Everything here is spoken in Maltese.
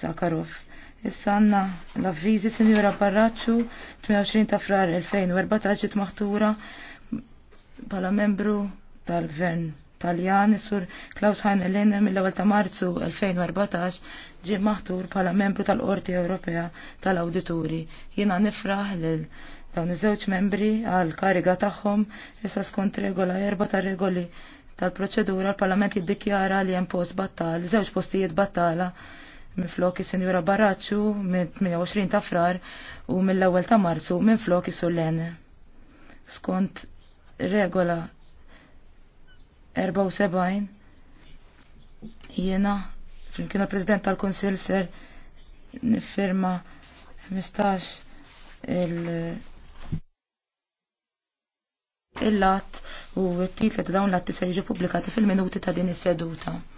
Sakarov. Issanna l-avvizi sinjura Barraċu 28 ta' frar 2014 ġiet maħtura bħala membru tal-Gvern Taljan sur Klaus Heiner Lehner mill-ewwel ta' Marzu 2014 ġie maħtur bħala membru tal-Qorti Ewropea tal-Awdituri. Jiena nifraħ lil dawn iż-żewġ membri għal kariga tagħhom issa skont regola erba ta' regoli tal-proċedura l-Parlament jiddikjara li hemm post battal, żewġ postijiet battala miflok is-Sinjura Barraċċu minn 28 ta' frar u mill-ewwel ta' Marzu minn flok is-Sullen. Skont regola 74 jiena flimkien il-President tal-Kunsill ser nifirma 15 il- il-lat u t titlet ta' dawn l t ser pubblikati fil-minuti ta' din is-seduta.